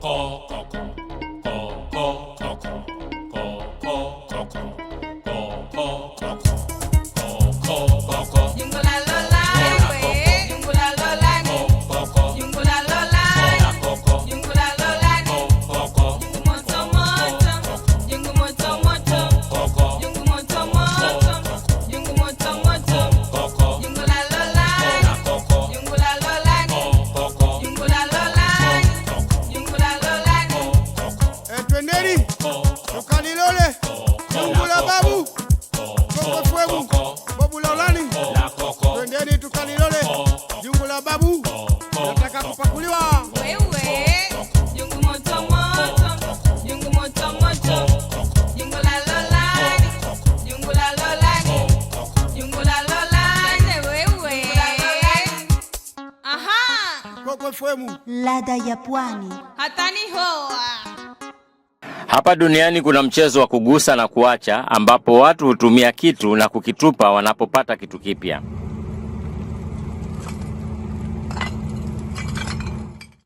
call. kwemu. ladha ya pwani hoa. Hapa duniani kuna mchezo wa kugusa na kuacha, ambapo watu hutumia kitu na kukitupa wanapopata kitu kipya.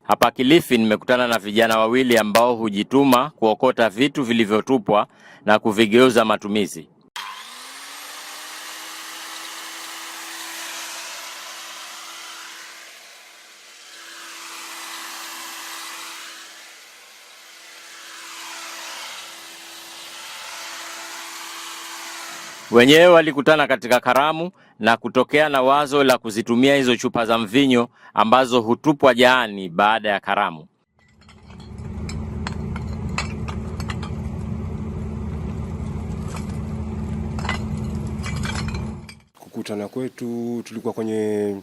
Hapa Kilifi nimekutana na vijana wawili ambao hujituma kuokota vitu vilivyotupwa na kuvigeuza matumizi. Wenyewe walikutana katika karamu na kutokea na wazo la kuzitumia hizo chupa za mvinyo ambazo hutupwa jaani baada ya karamu. Kukutana kwetu tulikuwa kwenye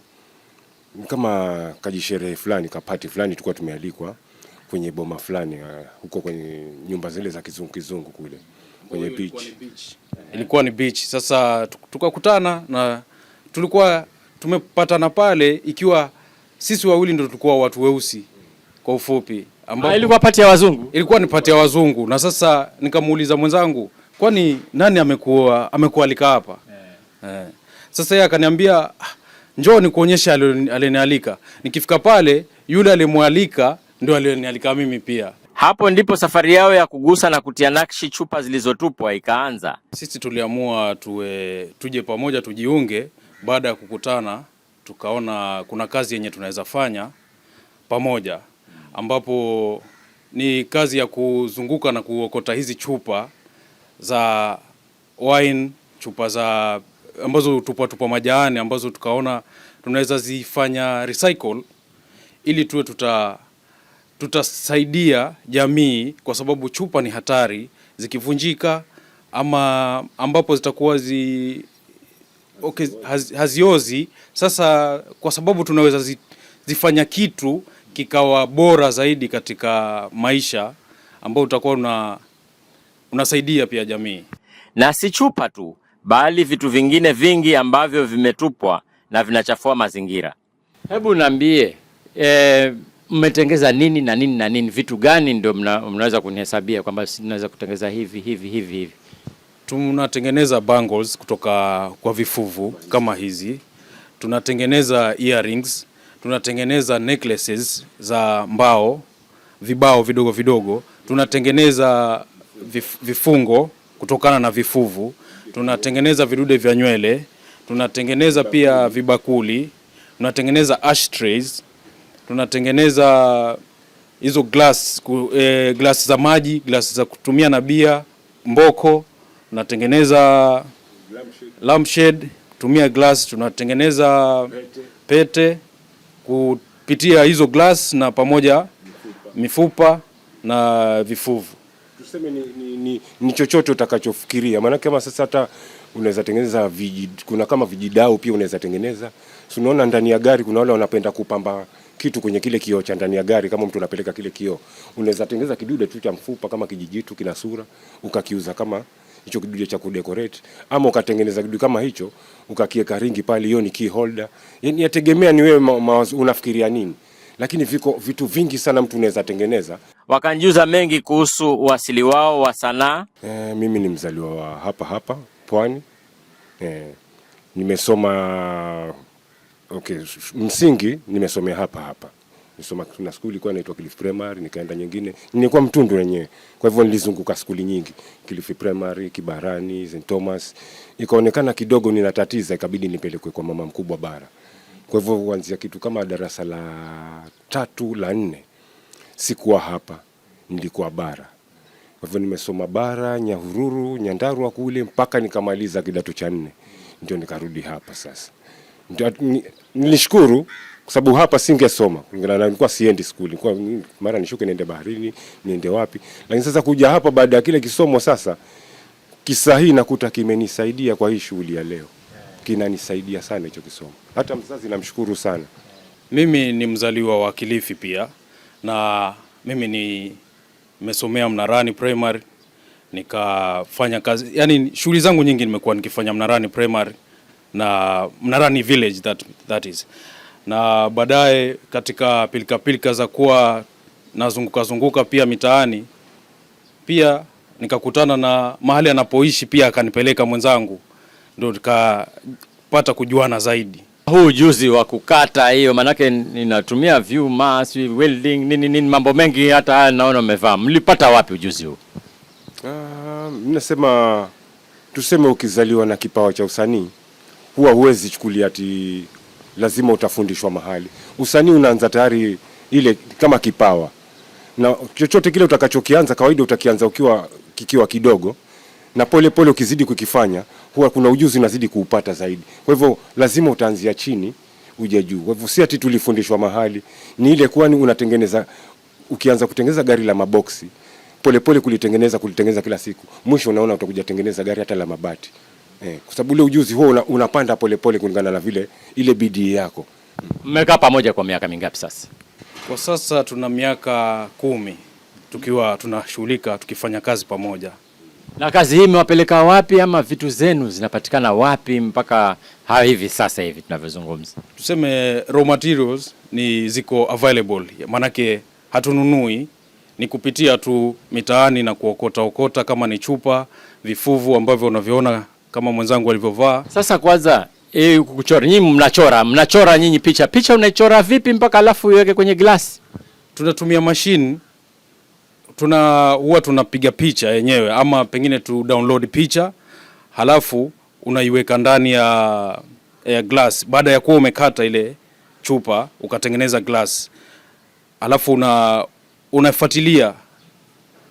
kama kajisherehe fulani kapati fulani, tulikuwa tumealikwa kwenye boma fulani uh, huko kwenye nyumba zile za kizungu kizungu kule kwenye beach ilikuwa ni beach. Sasa tukakutana na tulikuwa tumepatana pale, ikiwa sisi wawili ndio tulikuwa watu weusi kwa ufupi, ambapo ah, ilikuwa pati ya wazungu, ilikuwa ni pati ya wazungu. Na sasa nikamuuliza mwenzangu, kwani nani amekuwa amekualika hapa yeah? Eh. Sasa yeye akaniambia ah, njoo nikuonyeshe alionialika. Nikifika pale, yule alimwalika ndio alionialika mimi pia. Hapo ndipo safari yao ya kugusa na kutia nakshi chupa zilizotupwa ikaanza. Sisi tuliamua tuwe, tuje pamoja tujiunge. Baada ya kukutana, tukaona kuna kazi yenye tunaweza fanya pamoja, ambapo ni kazi ya kuzunguka na kuokota hizi chupa za wine, chupa za ambazo tupa tupa majani ambazo tukaona tunaweza zifanya recycle ili tuwe tuta tutasaidia jamii kwa sababu chupa ni hatari zikivunjika, ama ambapo zitakuwa zi okay, haz, haziozi. Sasa kwa sababu tunaweza zi, zifanya kitu kikawa bora zaidi katika maisha ambao utakuwa una, unasaidia pia jamii, na si chupa tu, bali vitu vingine vingi ambavyo vimetupwa na vinachafua mazingira. Hebu niambie eh mmetengeza nini na nini na nini, vitu gani ndio mna, mnaweza kunihesabia kwamba sisi tunaweza kutengeza hivi hivi hivi hivi? Tunatengeneza bangles kutoka kwa vifuvu kama hizi, tunatengeneza earrings, tunatengeneza necklaces za mbao, vibao vidogo vidogo, tunatengeneza vif, vifungo kutokana na vifuvu, tunatengeneza vidude vya nywele, tunatengeneza pia vibakuli, tunatengeneza ashtrays tunatengeneza hizo glass eh, glass za maji, glass za kutumia na bia, mboko, tunatengeneza lampshade kutumia glass, tunatengeneza pete, pete kupitia hizo glass na pamoja mifupa, mifupa na vifuvu. Tuseme ni, ni, ni, ni chochote utakachofikiria, maanake kama sasa hata unaweza tengeneza vijid, kuna kama vijidau pia unaweza tengeneza. Unaona ndani ya gari kuna wale wanapenda kupamba kitu kwenye kile kioo cha ndani ya gari. Kama mtu anapeleka kile kioo, unaweza tengeneza kidude tu cha mfupa kama kijijitu, kina sura, ukakiuza kama hicho kidude cha kudecorate, ama ukatengeneza kidude kama hicho ukakiweka ringi pale, hiyo ni key holder. Yani yategemea ni wewe unafikiria nini, lakini viko vitu vingi sana mtu unaweza tengeneza. Wakanjuza mengi kuhusu uasili wao wa sanaa. E, mimi ni mzaliwa wa hapa hapa Pwani. E, nimesoma Okay, msingi nimesomea hapa hapa. Nisoma na skuli ilikuwa inaitwa Kilifi Primary, nikaenda nyingine. Nilikuwa mtundu wenyewe. Kwa hivyo nilizunguka skuli nyingi. Kilifi Primary, Kibarani, St Thomas. Ikaonekana kidogo ninatatiza, ikabidi nipelekwe kwa mama mkubwa bara. Kwa hivyo kuanzia kitu kama darasa la tatu la nne sikuwa hapa, nilikuwa bara. Kwa hivyo nimesoma bara, Nyahururu, Nyandarua kule mpaka nikamaliza kidato cha nne. Ndio nikarudi hapa sasa. Nilishukuru kwa sababu hapa singesoma kulingana na nilikuwa siendi skuli, kwa mara nishuke niende baharini niende wapi, lakini sasa kuja hapa baada ya kile kisomo sasa kisa hii nakuta kimenisaidia kwa hii shughuli ya leo, kinanisaidia sana hicho kisomo. Hata mzazi namshukuru sana. Mimi ni mzaliwa wa Kilifi pia na mimi nimesomea Mnarani Primary nikafanya kazi, yani shughuli zangu nyingi nimekuwa nikifanya Mnarani Primary na Mnarani village that, that is na baadaye katika pilikapilika za kuwa nazunguka zunguka pia mitaani pia nikakutana na mahali anapoishi pia akanipeleka mwenzangu, ndio nikapata kujuana zaidi. Huu ujuzi wa kukata hiyo, maanake ninatumia vyuma, si welding nini nini, mambo mengi hata haya naona umevaa. Mlipata wapi ujuzi huu? Uh, nasema tuseme ukizaliwa na kipawa cha usanii huwa huwezi chukulia ati lazima utafundishwa mahali. Usanii unaanza tayari ile kama kipawa, na chochote kile utakachokianza kawaida utakianza ukiwa kikiwa kidogo, na pole pole ukizidi kukifanya huwa kuna ujuzi unazidi kuupata zaidi. Kwa hivyo lazima utaanzia chini uje juu. Kwa hivyo si ati tulifundishwa mahali, ni ile kwani unatengeneza, ukianza kutengeneza gari la maboksi polepole kulitengeneza kulitengeneza kila siku, mwisho unaona utakuja tengeneza gari hata la mabati eh, kwa sababu ule ujuzi huo unapanda polepole kulingana na vile ile bidii yako. Mmekaa pamoja kwa miaka mingapi sasa? Kwa sasa tuna miaka kumi tukiwa tunashughulika tukifanya kazi pamoja. Na kazi hii imewapeleka wapi ama vitu zenu zinapatikana wapi mpaka hawa hivi sasa hivi tunavyozungumza? Tuseme raw materials ni ziko available, maanake hatununui, ni kupitia tu mitaani na kuokota okota, kama ni chupa, vifuvu ambavyo unavyoona kama mwenzangu alivyovaa. Sasa kwanza E, eh, kuchora nyinyi mnachora mnachora nyinyi picha picha unaichora vipi mpaka alafu iweke kwenye glasi? Tunatumia mashine, tuna huwa tunapiga picha yenyewe ama pengine tu download picha halafu unaiweka ndani ya, ya glass. Baada ya kuwa umekata ile chupa ukatengeneza glass, halafu una unafuatilia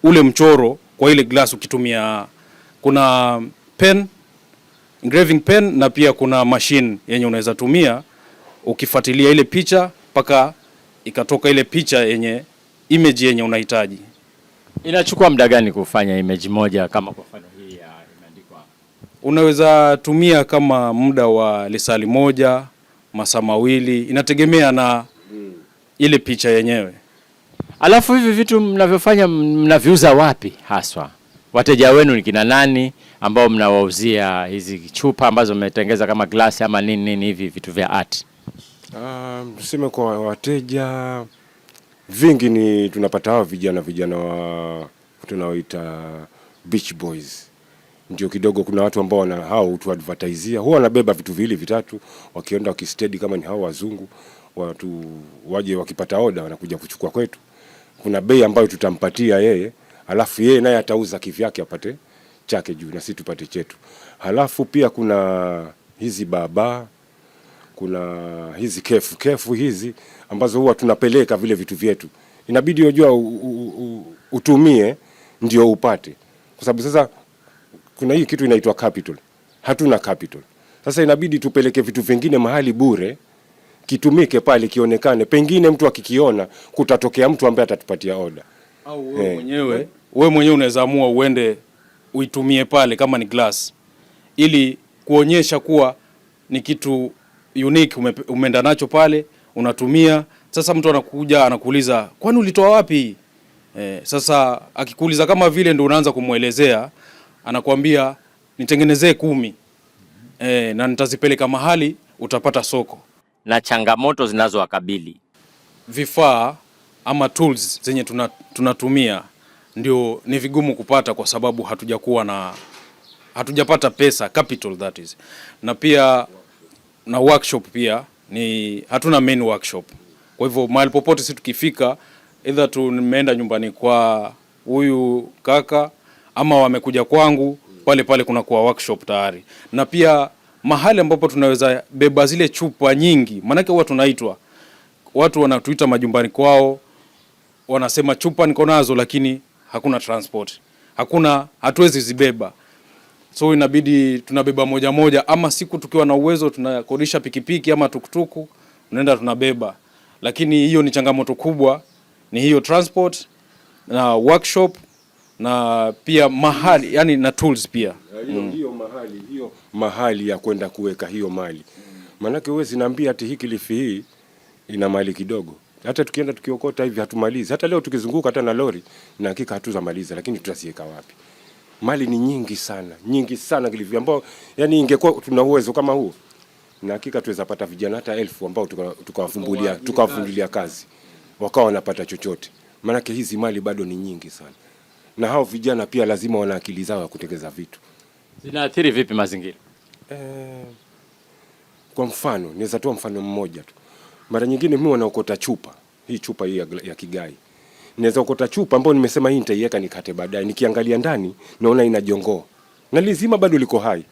ule mchoro kwa ile glass ukitumia kuna pen engraving pen na pia kuna machine yenye unaweza tumia ukifuatilia ile picha mpaka ikatoka ile picha yenye image yenye unahitaji. Inachukua muda gani kufanya image moja kama kwa mfano hii ya imeandikwa? Unaweza tumia kama muda wa lisali moja, masaa mawili, inategemea na hmm. ile picha yenyewe. Alafu hivi vitu mnavyofanya mnaviuza wapi haswa? wateja wenu ni kina nani ambao mnawauzia hizi chupa ambazo mmetengeza kama glasi ama nini nini hivi vitu vya art? Um, tuseme kwa wateja vingi ni tunapata hao vijana vijana wa tunaoita beach boys ndio kidogo. Kuna watu ambao wana hao hutuadvertisia, huwa wanabeba vitu viwili vitatu, wakienda wakistedi, kama ni hao wazungu, watu waje wakipata oda wanakuja kuchukua kwetu. Kuna bei ambayo tutampatia yeye alafu yeye naye atauza kivyake apate chake juu na sisi tupate chetu. Halafu pia kuna hizi baba, kuna hizi kefu kefu hizi ambazo huwa tunapeleka vile vitu vyetu, inabidi unajua utumie ndio upate, kwa sababu sasa kuna hii kitu inaitwa capital. Hatuna capital, sasa inabidi tupeleke vitu vingine mahali bure kitumike pale, kionekane, pengine mtu akikiona kutatokea mtu ambaye atatupatia oda au wewe eh. mwenyewe eh? we mwenyewe unaweza amua uende uitumie pale kama ni glass, ili kuonyesha kuwa ni kitu unique ume, umeenda nacho pale unatumia. Sasa mtu anakuja anakuuliza kwani ulitoa wapi? Eh, sasa akikuuliza kama vile ndio unaanza kumwelezea, anakuambia nitengenezee kumi eh, na nitazipeleka mahali utapata soko. Na changamoto zinazowakabili vifaa ama tools zenye tunatumia ndio ni vigumu kupata kwa sababu hatujakuwa na hatujapata pesa capital that is, na pia na workshop pia ni hatuna main workshop. Kwa hivyo mahali popote si tukifika, either tumeenda nyumbani kwa huyu kaka ama wamekuja kwangu pale pale, kuna kuwa workshop tayari, na pia mahali ambapo tunaweza beba zile chupa nyingi, maanake huwa tunaitwa watu wanatuita majumbani kwao, wanasema chupa niko nazo, lakini hakuna transport, hakuna hatuwezi zibeba, so inabidi tunabeba moja moja, ama siku tukiwa na uwezo tunakodisha pikipiki ama tukutuku, unaenda tunabeba. Lakini hiyo ni changamoto kubwa, ni hiyo transport na workshop na pia mahali yani na tools pia hiyo, mm. hiyo mahali hiyo mahali ya kwenda kuweka hiyo mali, maanake wewe zinaambia ati hii Kilifi hii ina mali kidogo hata tukienda tukiokota hivi hatumalizi. Hata leo tukizunguka hata na lori na hakika hatuzamaliza, lakini tutaziweka wapi? Mali ni nyingi sana, nyingi sana kilivyo, ambao yani ingekuwa tuna uwezo kama huo, na hakika tuweza pata vijana hata elfu ambao tukawafumbulia tukawafumbulia kazi wakawa wanapata chochote, maanake hizi mali bado ni nyingi sana, na hao vijana pia lazima wana akili zao ya kutengeza vitu. Zinaathiri vipi mazingira? Eh, kwa mfano niweza toa mfano mmoja tu mara nyingine mimi wanaokota chupa hii chupa hii ya, ya kigai naweza ukota chupa ambayo nimesema hii nitaiweka nikate baadaye, nikiangalia ndani naona ina jongoo na lizima bado liko hai.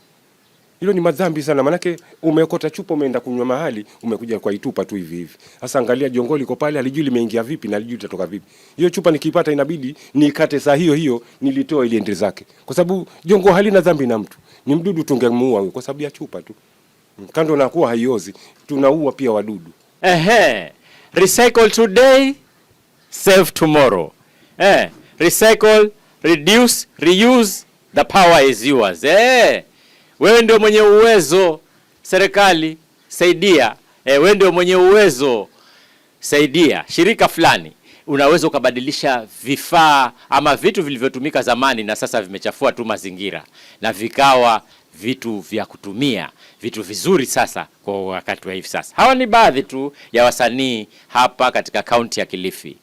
Hilo ni madhambi sana, manake umeokota chupa umeenda kunywa mahali umekuja kwa itupa tu hivi hivi. Sasa angalia jongoo liko pale, alijui limeingia vipi na alijui litatoka vipi. Hiyo chupa nikiipata, inabidi niikate saa hiyo hiyo, nilitoa ili ende zake, kwa sababu jongoo halina dhambi na mtu, ni mdudu tungemuua huyo kwa sababu ya chupa tu. Kando na kuwa haiozi, tunaua pia wadudu. Ehe. Recycle today, save tomorrow. Eh, recycle, reduce, reuse, the power is yours. Eh, wewe ndio mwenye uwezo, serikali saidia. Eh, wewe ndio mwenye uwezo, saidia shirika fulani. Unaweza ukabadilisha vifaa ama vitu vilivyotumika zamani na sasa vimechafua tu mazingira na vikawa vitu vya kutumia, vitu vizuri sasa kwa wakati wa hivi sasa. Hawa ni baadhi tu ya wasanii hapa katika kaunti ya Kilifi.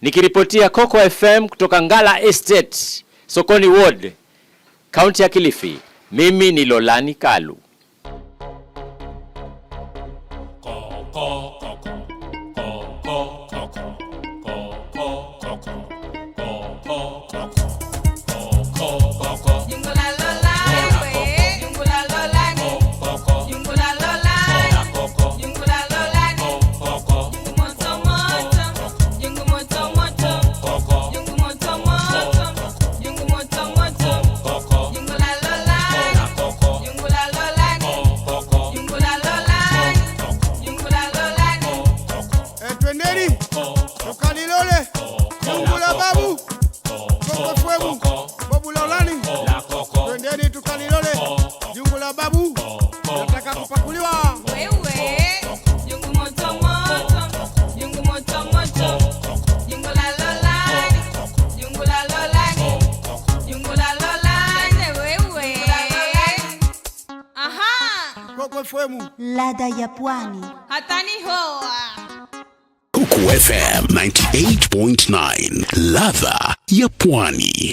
Nikiripotia Coco FM kutoka Ngala Estate, Sokoni Ward, kaunti ya Kilifi, mimi ni Lolani Kalu. ladha ya pwani. hoa. Coco FM 98.9 ladha ya pwani.